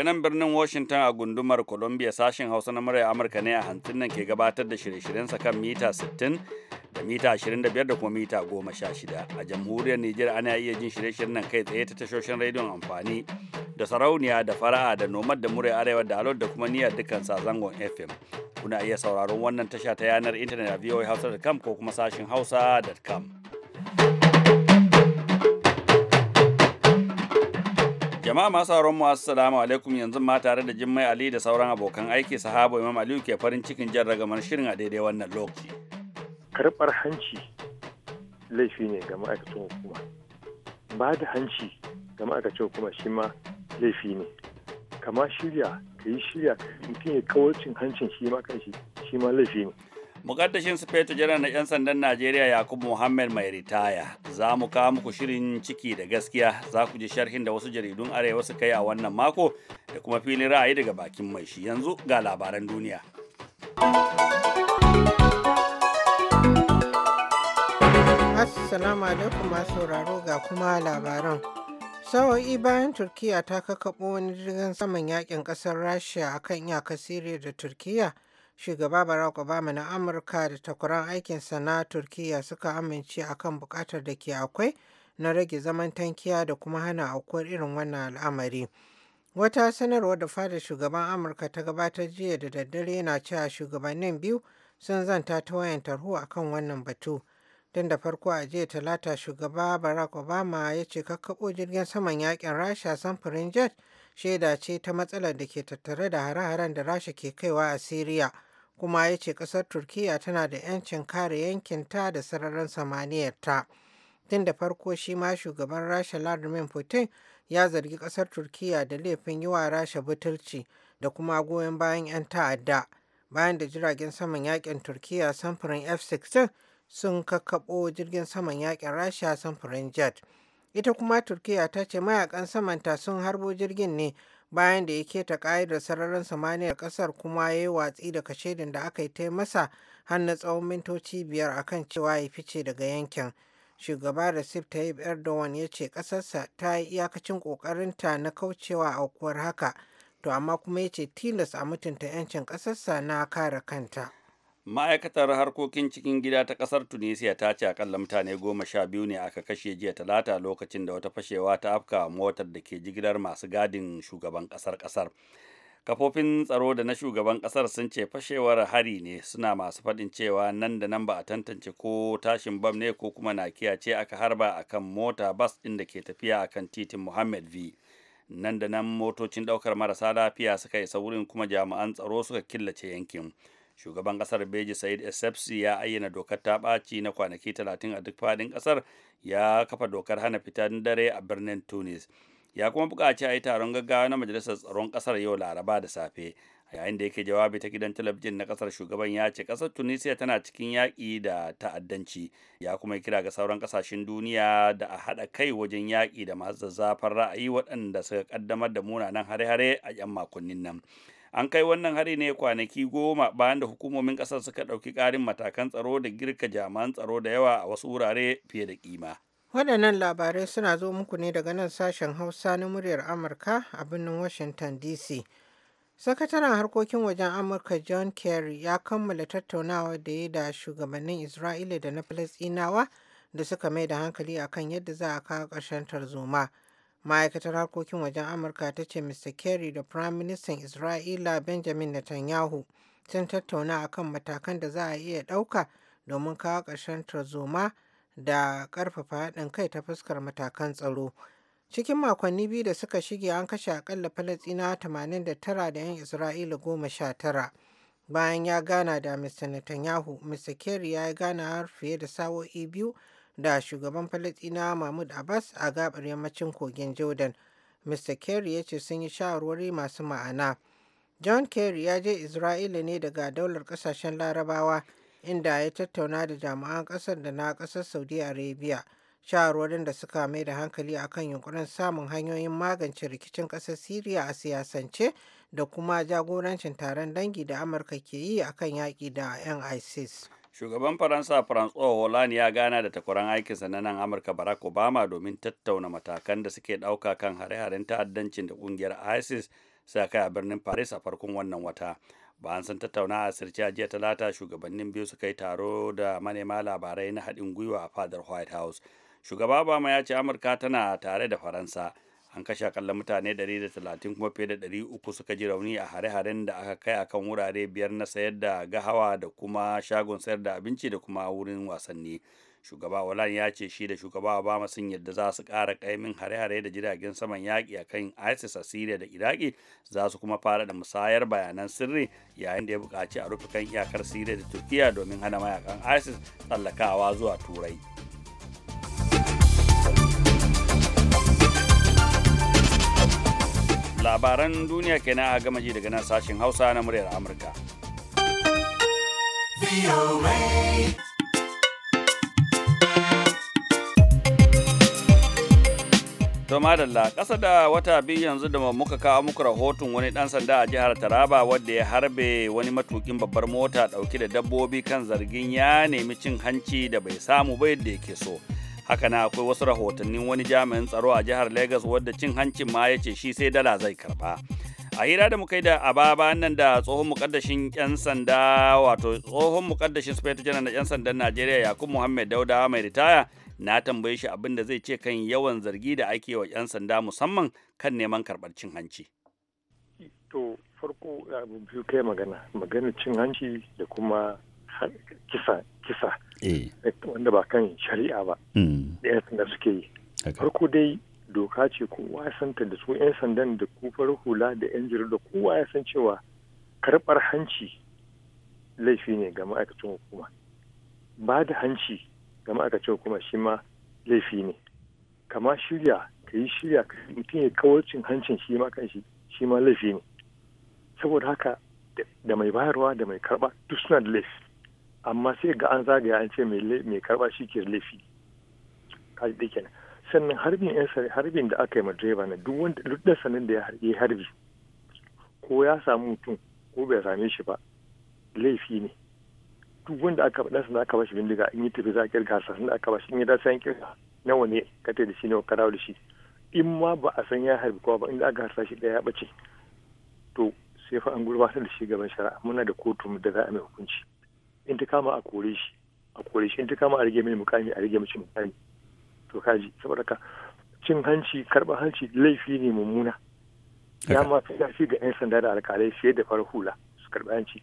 Daga birnin Washington a gundumar Columbia sashen Hausa na murya Amurka ne a hantsin nan ke gabatar da shirye shiryen sa kan mita 60 da mita 25 da kuma mita 16. A jamhuriyar Nijar ana iya jin shirye-shiryen nan kai tsaye ta tashoshin rediyon amfani da sarauniya da fara'a da nomad da murya arewa da alod da kuma niyyar dukkan sazangon FM. Kuna iya sauraron wannan tasha ta yanar intanet a voahausa.com ko kuma sashen hausa.com. Jama'a masu sauran mu assalamu alaikum yanzu ma tare da Jimmai Ali da sauran abokan aiki sahabo Imam Aliyu ke farin cikin jan ragamar shirin a daidai wannan lokaci. Karɓar hanci laifi ne ga ma'aikacin hukuma. Ba da hanci ga ma'aikacin hukuma shi ma laifi ne. Kama shirya ka yi shirya mutum ya kawo cin hancin shi ma kanshi shi ma laifi ne. mukaddashin sufeto janar na 'yan sandan najeriya yakubu muhammad mai ritaya za mu kawo muku shirin ciki da gaskiya za ku ji sharhin da wasu jaridun arewa suka yi a wannan mako da kuma filin ra'ayi daga bakin mai shi yanzu ga labaran duniya assalamu alaikum masu sauraro ga kuma labaran sa'o'i bayan turkiya ta kakaɓo wani jirgin saman yakin ƙasar rasha akan iyakar siriya da turkiya shugaba barack obama na amurka da takwaran aikinsa na turkiya suka amince a kan bukatar da ke akwai na rage zaman tankiya da kuma hana aukuwar irin wannan al'amari wata sanarwar da fada shugaban amurka ta gabatar jiya da daddare yana cewa shugabannin biyu sun zanta ta wayan tarho kan wannan batu don da farko a jiya talata shugaba barack obama ya ce kakkaɓo jirgin saman yakin rasha samfurin jet shaida ce ta matsalar da ke tattare da hare-haren da rasha ke kaiwa a syria kuma ya ce ƙasar turkiya tana da 'yancin kare yankinta da sararin ta. tun da farko shi ma shugaban rasha vladimir putin ya zargi kasar turkiya da laifin yi wa rasha butulci da kuma goyon bayan 'yan ta'adda bayan da jiragen saman yakin turkiya samfurin f-16 sun kakkaɓo jirgin saman yakin rasha samfurin jet ita kuma turkiya ta ce mayakan samanta sun harbo jirgin ne bayan da ya keta ƙa'idar sararin samaniyar ƙasar kuma ya yi watsi da kashedin da aka yi ta yi masa har na tsawon mintoci biyar akan cewa ya fice daga yankin. Shugaba da Sif Tayyip Erdogan ya ce ƙasarsa ta yi iyakacin ƙoƙarinta na kaucewa aukuwar haka, to amma kuma ya ce tilas a mutunta 'yancin ƙasarsa na kare kanta. ma'aikatar harkokin cikin gida ta ƙasar tunisia ta ce akalla mutane goma sha biyu ne aka kashe jiya talata lokacin da wata fashewa ta afka motar da ke jigilar masu gadin shugaban ƙasar ƙasar kafofin tsaro da na shugaban ƙasar sun ce fashewar hari ne suna masu faɗin cewa nan da nan ba a tantance ko tashin bam ne ko kuma nakiya ce aka harba akan mota bas ɗin da ke tafiya akan titin muhammad v nan da nan motocin ɗaukar marasa lafiya suka isa wurin kuma jami'an tsaro suka killace yankin shugaban kasar beji said essebsi ya ayyana dokar ta ɓaci na kwanaki 30 a duk fadin kasar ya kafa dokar hana fitan dare a birnin tunis ya kuma buƙaci a yi taron gaggawa na majalisar tsaron kasar yau laraba da safe a yayin da yake jawabi ta gidan talabijin na kasar shugaban ya ce kasar tunisia tana cikin yaƙi da ta'addanci ya kuma kira ga sauran kasashen duniya da a haɗa kai wajen yaƙi da masu zazzafar ra'ayi waɗanda suka ƙaddamar da munanan hare-hare a 'yan makonnin nan an kai wannan hari ne kwanaki goma bayan da hukumomin ƙasar suka ɗauki ƙarin matakan tsaro da girka jami'an tsaro da yawa a wasu wurare fiye da kima. waɗannan labarai suna zo muku ne daga nan sashen hausa na muryar amurka a birnin washington dc sakataren harkokin wajen amurka john kerry ya kammala tattaunawa da ya da shugabannin isra'ila da na falasɗinawa da suka mai da hankali akan yadda za a kawo ƙarshen tarzoma. ma'aikatar harkokin wajen amurka ta ce mr kerry da prime minister isra'ila benjamin netanyahu sun tattauna akan matakan da za a iya ɗauka domin kawo ƙarshen tarzoma da ƙarfafa haɗin kai ta fuskar matakan tsaro cikin makonni biyu da suka shige an kashe akalla falastinawa 89 da 'yan isra'ila tara, bayan ya gana da mr netanyahu mr kerry ya gana har fiye da sa'o'i biyu da shugaban Falasɗinawa Mahmud Abbas a gabar yammacin kogin Jordan. Mr. Kerry ya ce sun yi shawarwari masu ma'ana. John Kerry ya je Isra'ila ne daga daular kasashen Larabawa inda ya tattauna da jami'an ƙasar da na ƙasar Saudi Arabia. Shawarwarin da suka mai da hankali akan yunkurin samun hanyoyin magance rikicin ƙasar Siriya a siyasance da kuma jagorancin taron dangi da Amurka ke yi akan yaƙi da 'yan ISIS. shugaban faransa francois hollande ya gana da takwaran aikinsa na nan amurka barack obama domin tattauna matakan da suke dauka kan hare-haren ta'addancin da kungiyar isis sa kai a birnin paris a farkon wannan wata bayan sun tattauna a sirce jiya talata shugabannin biyu suka yi taro da manema labarai na haɗin gwiwa a fadar white house shugaba obama ya ce amurka tana tare da faransa an kashe akalla mutane 130 kuma fiye da 300 suka ji rauni a hare-haren da aka kai a kan wurare biyar na sayar da gahawa da kuma shagon sayar da abinci da kuma wurin wasanni shugaba olan ya ce shi da shugaba obama sun yadda za su kara kaimin hare-hare da jiragen saman yaƙi a kan isis a syria da iraki za su kuma fara da musayar bayanan sirri yayin da ya buƙaci a rufe kan iyakar syria da turkiya domin hana mayakan isis tsallakawa zuwa turai labaran duniya kenan a gama ji daga nan sashen hausa na muryar amurka To madalla ƙasa da wata biyu yanzu da muka kawo muku rahoton wani ɗan sanda a jihar Taraba wadda ya harbe wani matukin babbar mota ɗauke da dabbobi kan zargin ya nemi cin hanci da bai samu ba yadda yake so. haka na akwai wasu rahotannin wani jami'in tsaro a jihar lagos wadda cin hancin ma ya ce shi sai dala zai karba a hira da muka yi da a nan da tsohon mukaddashin yan sanda wato tsohon mukaddashin sufetu janar na yan sandan najeriya yakub muhammad dauda mai ritaya na tambaye shi abin da zai ce kan yawan zargi da ake wa yan sanda musamman kan neman karbar cin hanci to farko abu biyu kai magana magana cin hanci da kuma kisa kisa eh. wanda ba kan shari'a ba hmm. da 'yan sanda suke yi farko dai doka ce kowa ya santa da su 'yan sandan da kufar hula da 'yan jirgin da kowa ya san cewa karɓar hanci laifi ne ga ma'aikacin hukuma ba da hanci ga ma'aikacin hukuma shi ma laifi ne kama shirya ka yi shirya ka mutum ya kawarcin hancin shi ma kan ma laifi ne saboda haka da mai bayarwa da mai karɓa duk suna da laifi amma sai ga an zagaya an ce mai karba shi ke laifi kaji da kenan sannan harbin yan harbin da aka yi ma direba na duk wanda duk da sanin da ya harbi ko ya samu mutum ko bai same shi ba laifi ne duk wanda aka faɗa sanin aka bashi bindiga in yi tafi za a kirga sanin aka bashi in yi da san kirga nawa ne ka da shi nawa ka dawo da shi in ma ba a san ya harbi kowa ba inda aka harsa shi ɗaya ya ɓace to sai fa an gurbatar da shi gaban shari'a muna da kotu da za a mai hukunci. in ta kama a kore shi a kore shi in ta kama a rage mini mukami a rage mace mukami to kaji saboda ka cin hanci karɓar hanci laifi ne mummuna ya ma fi ƙarfi ga 'yan sanda da alkalai fiye da farar hula su karɓi hanci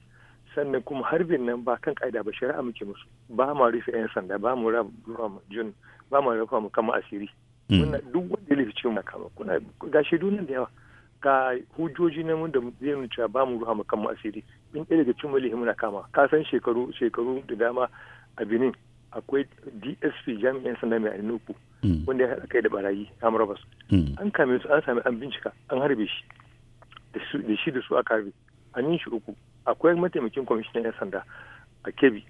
sannan kuma harbin nan ba kan ƙa'ida ba shari'a muke musu ba ma rufe 'yan sanda ba mu rafa jun ba mu rafa mu kama asiri hmm. duk wanda ya lafi ciwon na kama kuna ga shaidu nan da yawa ga hujjoji na mun da zai nuna cewa ba mu ruwa mu kan asiri in ɗaya daga cin malihi muna kama ka san shekaru shekaru da dama a Benin akwai DSP jami'an sanda mai ainihu mm. wanda ya haɗa kai da barayi Amrabas mm. an kame su an sami an bincika an harbe shi da shi da su aka karbe an yi shi uku akwai mataimakin kwamishinan 'yan sanda a Kebbi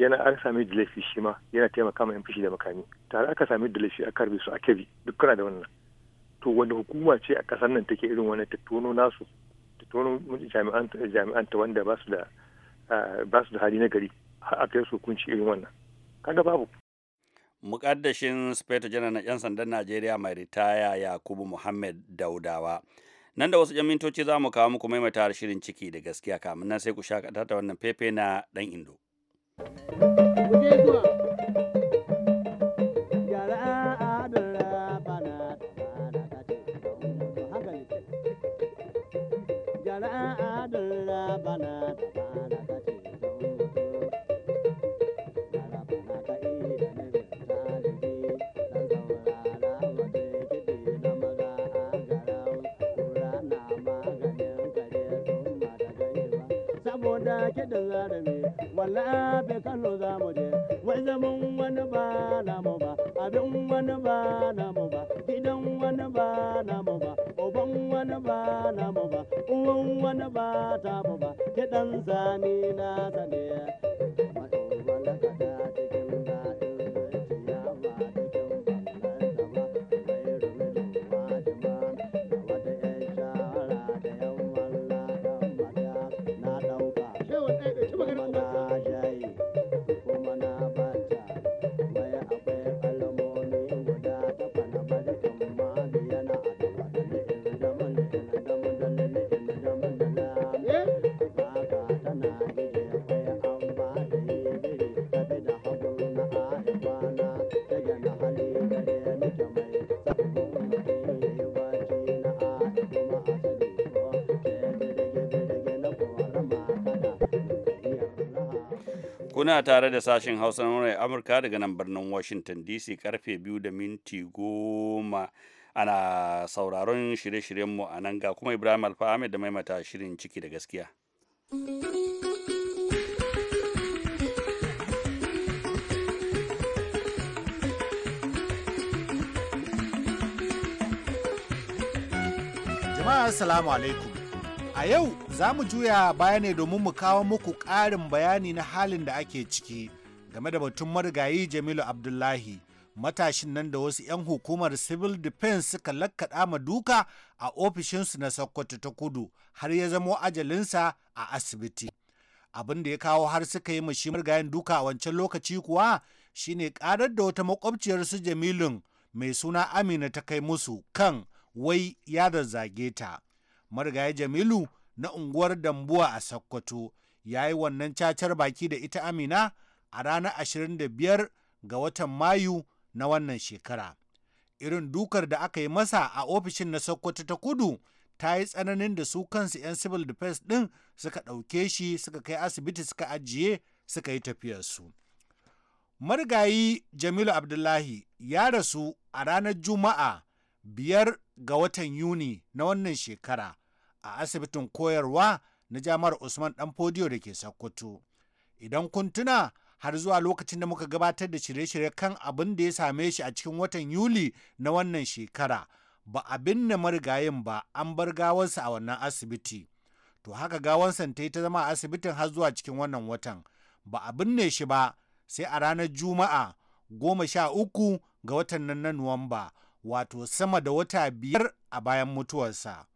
yana an sami da laifi shi ma yana taimaka ma 'yan fushi da makami tare aka sami da laifi a karbe su a Kebbi duk kana da wannan to wani hukuma ce a kasar nan take irin wani tattono nasu tattono jami'an ta wanda ba su da eh, hali na gari a kai su hukunci irin wannan kaga babu mukaddashin speto janar na 'yan sandan najeriya mai ritaya yakubu muhammad daudawa nan da wasu 'yan mintoci za mu kawo muku maimaita shirin ciki da gaskiya kamun nan sai ku shakata da wannan fefe na dan indo. walla be kano za mu je wai zaman wani ba na mu ba abin wani ba na mu ba gidan wani ba na mu ba uban wani ba na mu ba uwan wani ba ta mu ba kiɗan sami na saniya Kuna tare da sashen Hausa na murai Amurka daga nan birnin Washington DC karfe biyu da minti goma ana sauraron shirye-shiryenmu a nan ga kuma Ibrahim Alfa Ahmed da maimata shirin ciki da gaskiya. Jama'a Assalamu alaikum. A yau za mu juya baya ne domin mu kawo muku ƙarin bayani na halin da ake ciki game da batun marigayi Jamilu Abdullahi. Matashin nan da wasu 'yan hukumar Civil Defense suka lakkaɗa ma duka a ofishinsu na Sokoto ta kudu har ya zamo ajalinsa a asibiti. Abin da ya kawo har suka yi mashi marigayin duka a wancan lokaci kuwa shine karar da wata makwabciyar su Jamilun mai suna Amina ta kai musu kan wai ya zage ta. marigayi jamilu na unguwar dambuwa a sakkwato ya yi wannan cacar baki da ita amina a ranar 25 ga watan mayu na wannan shekara irin dukar da aka yi masa a ofishin na sokoto ta kudu ta yi tsananin da su kansu 'yan civil defense ɗin suka ɗauke shi suka kai asibiti suka ajiye suka yi tafiyarsu marigayi jamilu abdullahi ya rasu a ranar juma'a biyar ga watan Yuni na wannan shekara a asibitin koyarwa na jami'ar Usman fodiyo da ke Sokoto. Idan kun tuna har zuwa lokacin da muka gabatar da shirye-shirye kan abin da ya same shi a cikin watan Yuli na wannan shekara ba abin na marigayin ba an bar gawansa a wannan asibiti. To haka gawansa ta yi ta zama a asibitin har zuwa cikin wannan watan. Ba a binne shi ba sai a ranar Juma'a goma sha uku ga watan nan na Nuwamba. wato sama da wata biyar a bayan mutuwarsa.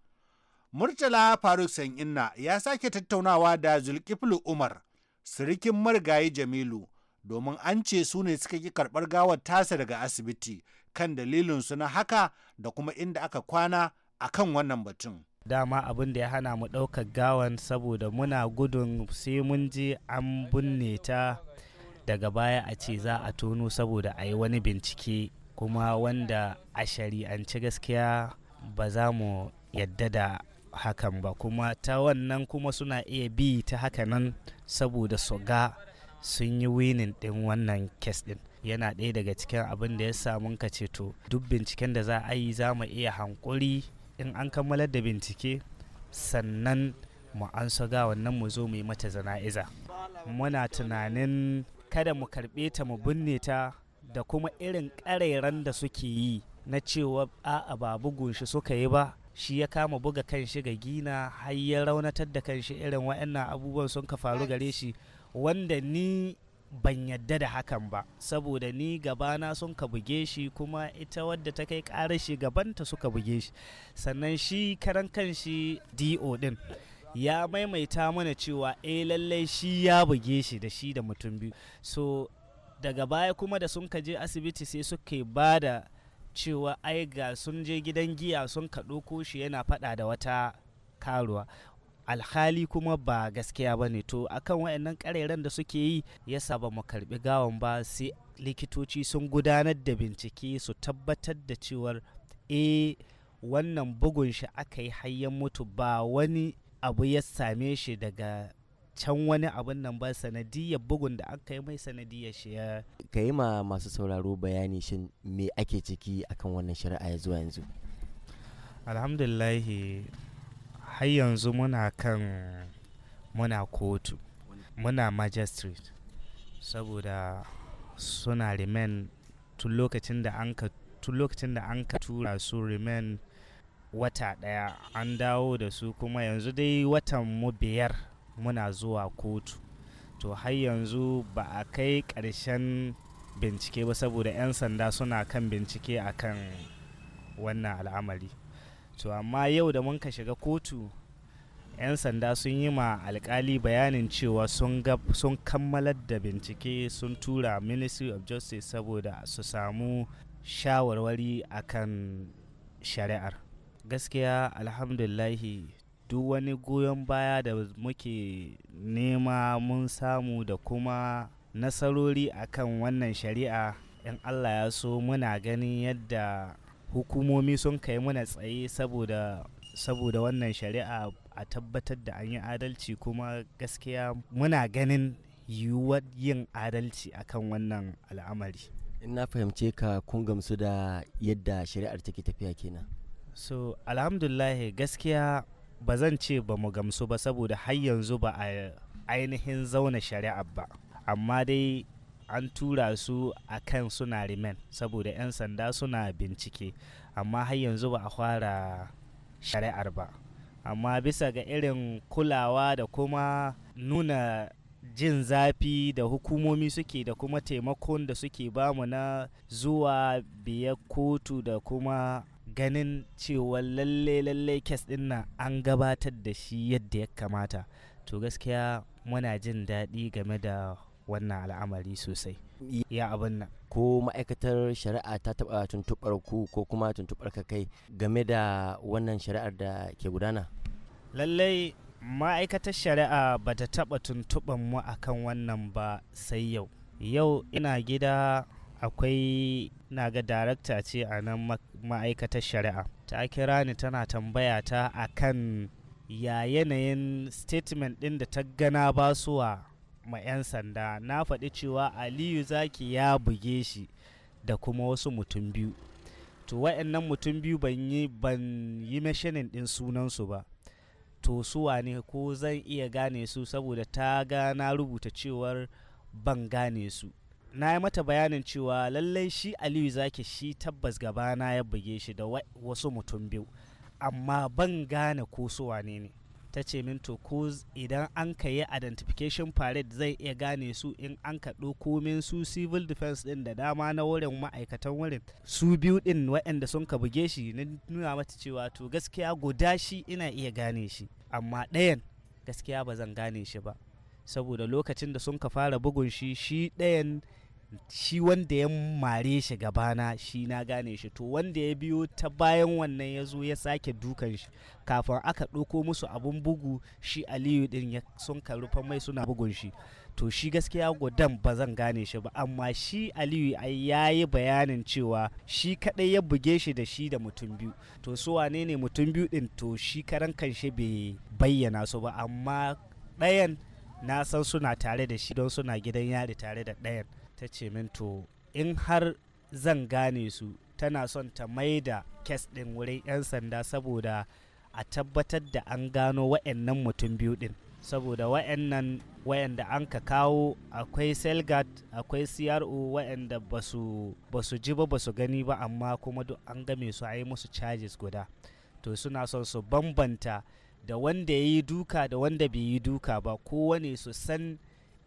Murtala Faruk Sanyinna ya sake tattaunawa da Zulkiflu Umar, sirikin marigayi Jamilu, domin an ce su ne suka ki karɓar gawar tasa daga asibiti kan dalilinsu na haka da kuma inda aka kwana a kan wannan batun. dama abin da ya hana mu ɗaukar gawan saboda muna gudun sai mun je an binne ta daga baya a ce za a tono saboda a yi wani bincike kuma wanda a shari'ance gaskiya ba za mu yadda da hakan ba kuma ta wannan kuma suna iya bi ta haka nan saboda su sun yi winin din wannan kes din. yana ɗaya daga cikin abin da ya samu ka ceto duk binciken da za a yi za mu iya hankuri in an kammalar da bincike sannan mu an ga wannan mu zo mu yi mata zana'iza muna tunanin kada mu karɓe ta mu binne ta da kuma irin ƙarairan da suke yi na cewa a'a ba bugun shi suka yi ba shi ya kama buga kan shi ga gina har ya raunatar da kan shi irin waɗannan abubuwan sun ka faru gare shi wanda ni ban yadda da hakan ba saboda ni gabana sun ka buge shi kuma ita wadda ta kai ƙara shi gabanta suka buge shi sannan shi karan kan shi do din ya maimaita mana cewa eh lallai shi ya buge shi da shi da mutum biyu so daga baya kuma da sun kaje asibiti sai suke ba da cewa ai ga sun je gidan giya sun kaɗo ko shi yana faɗa da wata karuwa alhali kuma ba gaskiya ba ne to akan waɗannan ƙareren da suke yi yasa ba mu karbi gawan ba sai likitoci sun gudanar da bincike su tabbatar da cewar e wannan bugun shi aka yi hayyan mutu ba wani abu ya same shi daga can wani abin nan ba sanadiyar bugun da aka yi mai sanadiyar shi ya ka yi ma masu sauraro bayani shin me ake ciki akan wannan shari'a ya zuwa yanzu alhamdulahi har yanzu muna kan muna kotu muna magistrate saboda suna remain tun lokacin da an ka tun lokacin da an ka tura su remain wata daya an dawo da su kuma yanzu dai watan mu biyar muna zuwa kotu to har yanzu ba a kai ƙarshen bincike ba saboda 'yan sanda suna kan bincike a kan wannan al'amari to amma yau da mun ka shiga kotu 'yan sanda sun yi ma alkali bayanin cewa sun kammalar da bincike sun tura ministry of justice saboda su samu shawarwari akan shari'ar gaskiya alhamdulahi duk wani goyon baya da muke nema mun samu da kuma nasarori akan wannan shari'a in allah ya so muna ganin yadda hukumomi sun kai muna tsaye saboda saboda wannan shari'a a tabbatar da an yi adalci kuma gaskiya muna ganin yiwuwar yin adalci akan wannan al'amari in na fahimce ka kun gamsu da yadda shari'ar take tafiya kenan so alhamdulahi gaskiya ba zan ce ba mu gamsu ba saboda har yanzu ba a ainihin zauna shari'a ba amma dai an tura su a kan suna remain saboda 'yan sanda suna bincike amma har yanzu ba a fara shari'ar ba amma bisa ga irin kulawa da kuma nuna jin zafi da hukumomi suke da kuma taimakon da suke bamu na zuwa biya kotu da kuma ganin cewa lalle lalle kes din na an gabatar da shi yadda ya kamata to gaskiya muna jin daɗi game da wannan al'amari sosai ya abin nan ko ma'aikatar shari'a ta taɓa tuntuɓar ku ko kuma tuntuɓar ka kai game da wannan shari'ar da ke gudana lallai ma'aikatar shari'a ba ta taɓa tuntuɓar mu akan wannan ba sai yau yau ina gida akwai na ga darakta ce a nan ma'aikatar shari'a ta kira ni tana tambaya ta a kan ya yanayin statement ɗin da ta gana ba basuwa ma 'yan sanda na faɗi cewa aliyu zaki ya buge shi da kuma wasu mutum biyu to wa'annan mutum biyu ban yi ban yi mashinin ɗin sunansu ba to suwa ne ko zan iya gane su saboda ta ga na rubuta cewar ban gane su na yi mata bayanin cewa lallai shi aliyu zaki shi tabbas gabana ya buge shi da wasu mutum biyu amma ban gane ko su wane ne ta ce min to ko idan an ka yi identification parade zai iya gane su in an ka komin su civil defense din da dama na wurin ma'aikatan wurin su biyu din waɗanda sun ka buge shi na nuna mata cewa to gaskiya guda shi ina iya gane shi amma ɗayan gaskiya ba zan gane shi ba saboda lokacin da sun ka fara bugun shi shi ɗayan shi wanda ya mare shi gabana shi na gane shi to wanda ya biyo ta bayan wannan ya zo ya sake dukan shi kafin aka ɗauko musu abun bugu shi aliyu ɗin ya sun karufan mai suna bugun shi to shi gaskiya gudan ba zan gane shi ba amma shi aliyu ya yi bayanin cewa shi kaɗai ya buge shi da shi da mutum biyu to su wane ne mutum biyu ɗin to shi karan kanshi bai bayyana su ba amma ɗayan na san suna tare da shi don suna gidan yari tare da ɗayan ta ce min to in har zan gane su tana son ta mai da kes ɗin wurin 'yan sanda saboda a tabbatar da an gano wa'annan mutum biyu ɗin saboda wa'annan wa'anda an ka kawo akwai selgat akwai cro wa'anda ba su ji ba ba su gani ba amma kuma duk an game su a yi musu charges guda to suna son su bambanta da wanda ya yi duka da wanda bai yi duka ba kowane su san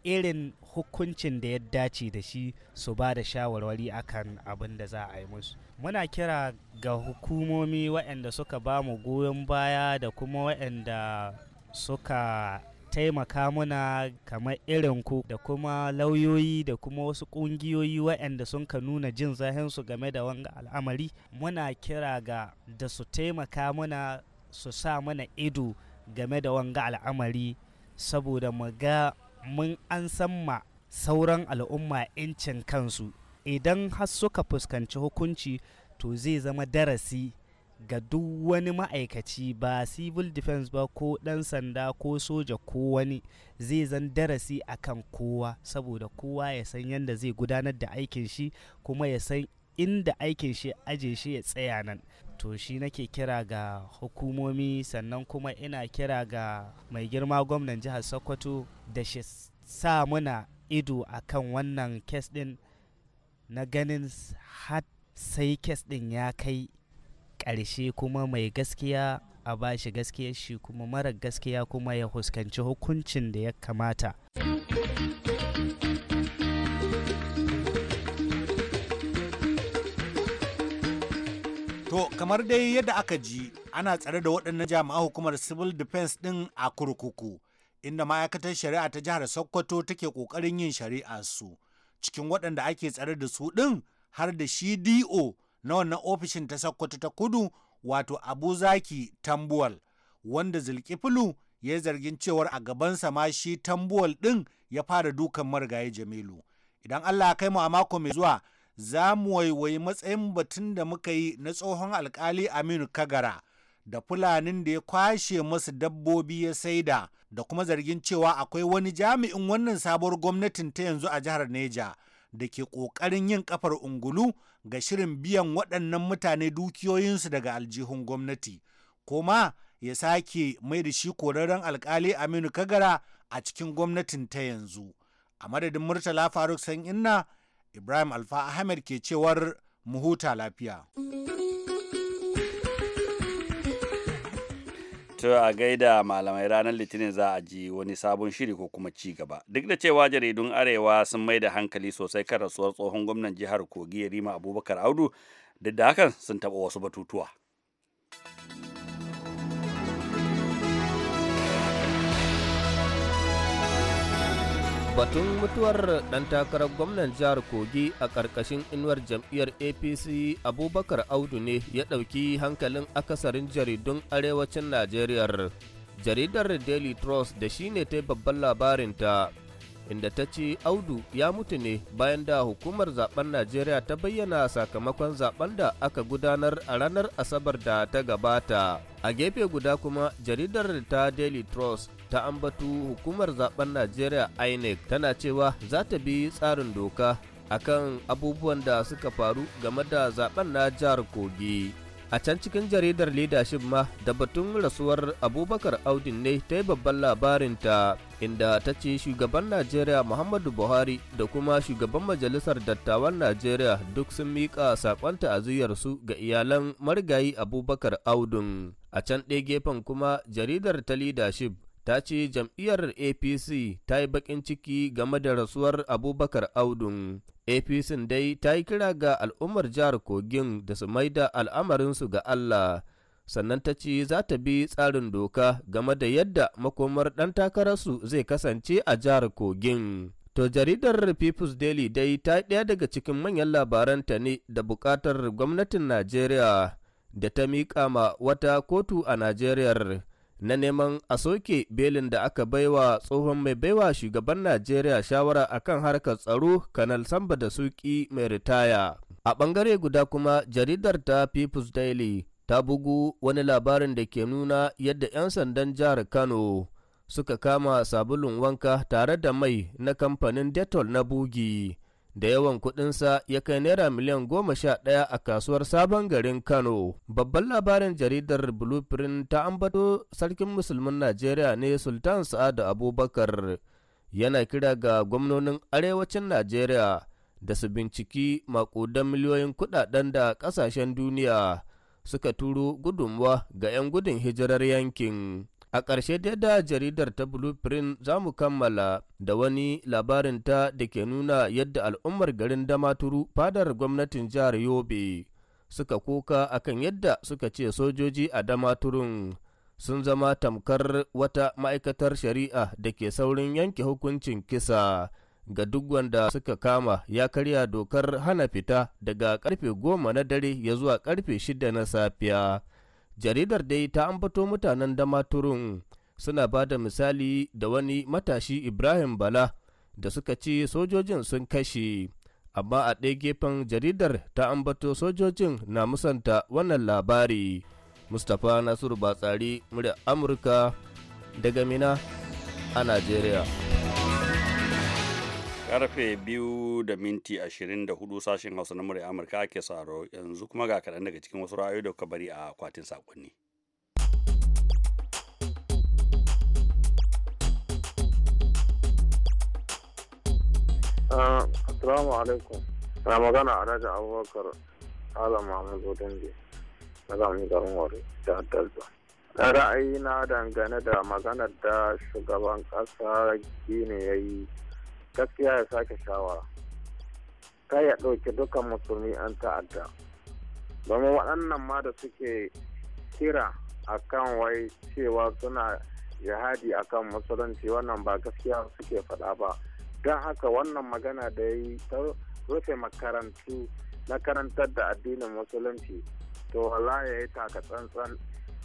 irin hukuncin da ya dace da shi su ba da shawarwari akan abin da za a yi musu muna kira ga hukumomi waɗanda suka ba mu goyon baya da kuma waɗanda suka taimaka muna kamar irin ku da kuma lauyoyi da kuma wasu ƙungiyoyi waɗanda sun ka nuna jin zahensu game da wanga al'amari muna kira ga da su taimaka muna su sa mana ido game da wanga al'amari saboda mu ga mun an san ma sauran al'umma 'yancin kansu idan har suka fuskanci hukunci to zai zama darasi ga duk wani ma'aikaci ba civil defense ba ko ɗan sanda ko soja ko wani zai zan darasi a kan kowa saboda kowa ya san yadda zai gudanar da aikin shi kuma ya san inda aikin shi aje shi ya tsaya nan to shi nake kira ga hukumomi sannan kuma ina kira ga mai girma gwamnan jihar sokoto da shi sa muna ido a kan wannan kes din na ganin har sai kes din ya kai ƙarshe kuma mai gaskiya a ba shi gaskiyar shi kuma marar gaskiya kuma ya huskanci hukuncin da ya kamata. kamar dai yadda aka ji ana tsare da waɗannan jami'an hukumar civil defense ɗin a kurkuku inda ma'aikatar shari'a ta jihar sokoto take ƙoƙarin yin shari'a su cikin waɗanda ake tsare da su ɗin har da shi do na wannan ofishin ta sokoto ta kudu wato abu zaki tambuwal wanda zulkifilu ya yi zargin cewar a gabansa ma shi tambuwal ɗin ya fara dukan marigayi jamilu idan allah kai mu a mako mai zuwa za mu waiwayi matsayin batun da muka yi na tsohon alkali Aminu Kagara da fulanin da ya kwashe masu dabbobi ya saida da kuma zargin cewa akwai wani jami'in wannan sabuwar gwamnatin ta yanzu a jihar Neja da ke ƙoƙarin yin kafar ungulu ga shirin biyan waɗannan mutane dukiyoyinsu daga aljihun gwamnati. Kuma ya sake mai da shi korarren alkali Aminu Kagara a cikin gwamnatin ta yanzu. A madadin Murtala Faruk San Inna Ibrahim Alfa Ahmed ke cewar mu huta lafiya. to a gaida malamai ranar litinin za a ji wani sabon shiri ko kuma ci gaba duk da cewa jaridun arewa sun mai da hankali sosai kan rasuwar tsohon gwamnan jihar kogi rima abubakar audu duk da hakan sun taɓa wasu batutuwa Batun mutuwar ɗan takarar gwamnan jihar Kogi a ƙarƙashin inuwar jam'iyyar APC Abubakar Audu ne ya ɗauki hankalin akasarin jaridun arewacin Najeriya. Jaridar Daily Trust da shi ne ta babban labarinta inda ta ce audu ya mutu ne bayan da hukumar zaben najeriya ta bayyana sakamakon zaben da aka gudanar a ranar asabar da ta gabata a gefe guda kuma jaridar ta daily trust ta ambatu hukumar zaben najeriya inec tana cewa za ta bi tsarin doka akan abubuwan da suka faru game da zaben na jihar kogi a can cikin jaridar leadership ma da batun rasuwar abubakar audin ne ta yi babban labarinta inda ta ce shugaban najeriya muhammadu buhari da kuma shugaban majalisar dattawan najeriya duk sun miƙa saƙon ta'aziyyarsu ga iyalan marigayi abubakar audun a can ɗaya gefen kuma jaridar ta leadership ta ce jam'iyyar apc ta yi baƙin ciki game da rasuwar abubakar audun APC dai ta yi kira ga al'ummar jihar Kogin da su maida al'amarinsu ga Allah, sannan ta ce za ta bi tsarin doka game da yadda makomar ɗan takararsu zai kasance a jihar Kogin. To jaridar People's Daily dai ta ɗaya daga cikin manyan labaran ta ne da buƙatar gwamnatin Najeriya da ta miƙa ma wata kotu a Najeriya. na neman a soke belin da aka baiwa tsohon mai baiwa shugaban Najeriya shawara akan harkar tsaro kanal samba da suki mai ritaya. A bangare guda kuma jaridar ta People's Daily ta bugu wani labarin da ke nuna yadda 'yan sandan jihar Kano suka kama sabulun wanka tare da mai na kamfanin Dettol na bugi. da yawan kuɗinsa ya kai naira miliyan goma sha ɗaya a kasuwar sabon garin kano babban labarin jaridar blueprint ta ambato sarkin musulmin najeriya ne sultan sa'adu abubakar yana kira ga gwamnonin arewacin najeriya da su binciki makudan miliyoyin kuɗaɗen da ƙasashen duniya suka turo gudunmuwa ga 'yan gudun hijirar yankin A ƙarshe dai da jaridar ta Blueprint za mu kammala da wani labarinta da ke nuna yadda al'ummar garin Damaturu fadar gwamnatin jihar Yobe suka koka akan yadda suka ce sojoji a Damaturun sun zama tamkar wata ma'aikatar shari'a da ke saurin yanke hukuncin kisa ga duk wanda suka kama ya karya dokar hana fita daga karfe goma na dare ya zuwa karfe shida na safiya. jaridar dai ta ambato mutanen dama damaturun suna ba da misali da wani matashi ibrahim bala da suka ce sojojin sun kashe amma a ɗaya gefen jaridar ta ambato sojojin na musanta wannan labari mustapha nasiru batsari murya amurka daga mina a najeriya karfe biyu da minti ashirin da hudu sashen hausa na murya amurka ake saro yanzu kuma ga kaɗan daga cikin wasu ra'ayoyi da kuka bari a kwatin saƙonni. Ah, assalamu alaikum. Na magana a daji Abubakar Alam Mahmud da na gamin garin Wari da Dalba. Na ra'ayi na dangane da maganar da shugaban ƙasa gini ya yi gaskiya ya sake shawara ta ya ɗauki dukkan musulmi an ta'adda domin waɗannan ma da suke kira a kan wai cewa suna jihadi a kan musulunci wannan ba gaskiya suke faɗa ba don haka wannan magana da ya yi ta rufe makarantu na karantar da addinin musulunci to wala ya yi taka tsantsan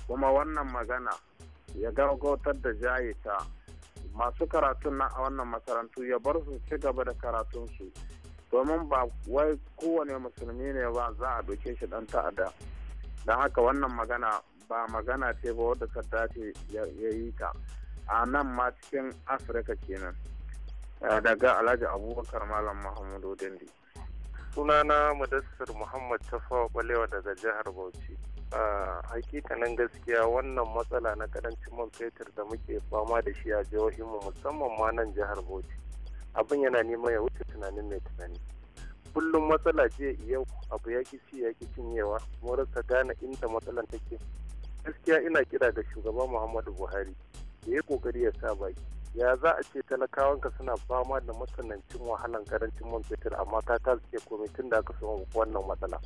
kuma wannan magana ya gaggautar da jayita masu karatun nan a wannan masarantu ya bar su ci gaba da karatun su domin ba wai kowane musulmi ne ba za a doke shi dan ta'adda don haka wannan magana ba magana ce ba wadda dace ya yi ta a nan ma cikin afirka kenan eh, daga alhaji abubakar malam mahamudu dindi sunana mudassir muhammad tafawa balewa daga jihar bauchi a hakikanin gaskiya wannan matsala na karancin man fetur da muke fama da shi a jihohinmu musamman ma nan jihar bauchi abin yana neman ya wuce tunanin mai tunani kullum matsala ce yau abu ya ci ya cinyewa mu rasa gane inda matsalan take gaskiya ina kira ga shugaba muhammadu buhari da ya kokari ya sa baki ya za a ce talakawanka suna fama da matsanancin wahalan karancin man fetur amma ka kasance tun da aka samu wannan matsala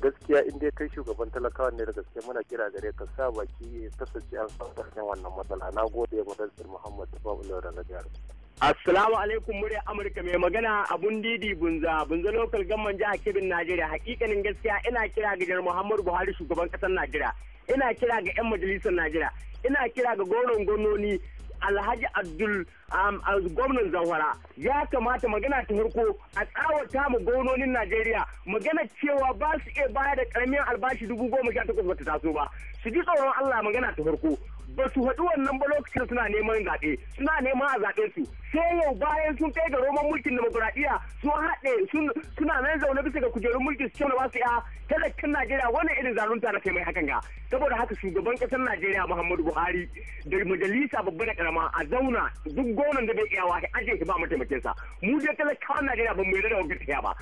gaskiya in dai kai shugaban talakawa ne da gaske muna kira gare ka sa baki ya kasance an san karshen wannan matsala na gode wa dan muhammad babu na jihar Assalamu alaikum murya Amurka mai magana abun didi bunza bunza lokal gamman jihar Kebin Najeriya hakikanin gaskiya ina kira ga jar Muhammadu Buhari shugaban kasar Najeriya ina kira ga 'yan majalisar Najeriya ina kira ga goron gononi alhaji abdul um, gwamnan zawara ya kamata magana ta farko a tsawata mu gwamnonin najeriya magana cewa ba su iya baya da karamin albashi dubu goma sha takwas ta taso ba su ji tsoron allah magana ta farko ba su haɗu wannan ba lokacin suna neman zaɓe suna neman a zaɓe su sai yau bayan sun kai ga roman mulkin demokuraɗiyya sun haɗe suna nan zaune bisa ga kujerun mulki su ce ba su ya talakin najeriya wannan irin zalunta na kai mai hakan ga saboda haka shugaban ƙasar najeriya muhammadu buhari da majalisa babba da karama a zauna duk gonan da bai iya ya aje shi ba sa mu dai talakawan najeriya ba mu yarda da ya ba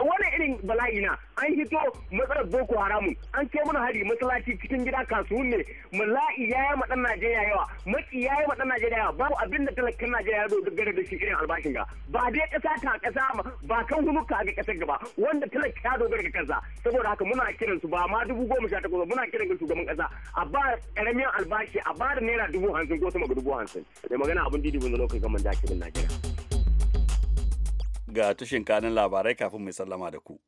wannan irin bala'i na an hito matsalar boko haramun an kai mana hari masalaci cikin gida kasuwan ne mala'i ya ya ma dan Najeriya yawa maki ya ma dan Najeriya yawa babu abin da talakin Najeriya ya dogara da shi irin albashin ga ba dai kasa ta kasa ba kan gudu ka ga kasar gaba wanda talakin ya dogara ga kansa saboda haka muna kiran su ba ma dubu goma sha takwas muna kiran ga shugaban kasa a ba karamin albashi a ba da naira dubu hamsin ko sama ga dubu hamsin da magana abin didi wanda lokacin gaman jakirin Najeriya. Ga tushen kanin labarai kafin mai sallama da ku.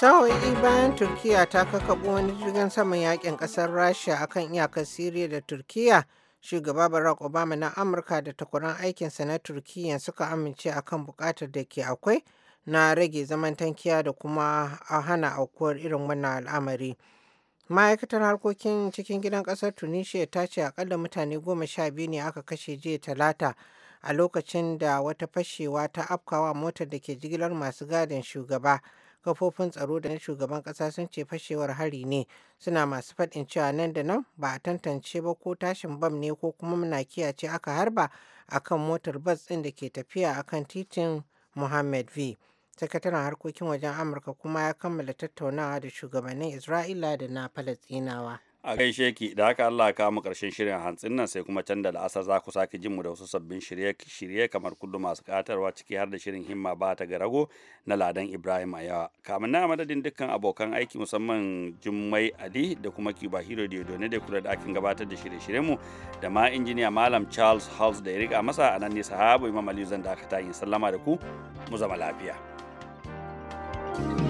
sa'o'i bayan turkiyya ta kakaɓo wani jirgin saman yakin ƙasar rasha akan iyakar siriya da turkiyya? shugaba barack obama na amurka da takwaran aikinsa na turkiyya suka amince akan buƙatar da ke akwai na rage zaman tankiya da kuma a hana aukuwar irin wannan al'amari ma'aikatar harkokin cikin gidan ƙasar tunisia ta ce akalla mutane goma sha biyu ne aka kashe jiya talata a lokacin da wata fashewa ta afkawa motar da ke jigilar masu gadin shugaba kafofin tsaro da na shugaban ƙasa sun ce fashewar hari ne suna masu faɗin cewa nan da nan ba a tantance ba ko tashin bam ne ko kuma muna kiyace aka harba akan motar bas ɗin da ke tafiya akan titin muhammad V. Sakataren harkokin wajen Amurka kuma ya kammala tattaunawa da shugabannin Isra'ila da na Falasɗinawa. a gaishe ki da haka Allah ka mu karshen shirin hantsin nan sai kuma can da la'asar za ku sake jin mu da wasu sabbin shirye-shirye kamar kullum masu katarwa ciki har da shirin himma ba ta garago na ladan Ibrahim Ayawa kamin na madadin dukkan abokan aiki musamman Jummai Ali da kuma Kiba da Yodone da kula da akin gabatar da shirye shirye mu da ma injiniya Malam Charles House da ya riga masa a nan ne sahabu Imam Ali zan da aka yin sallama da ku mu zama lafiya. thank you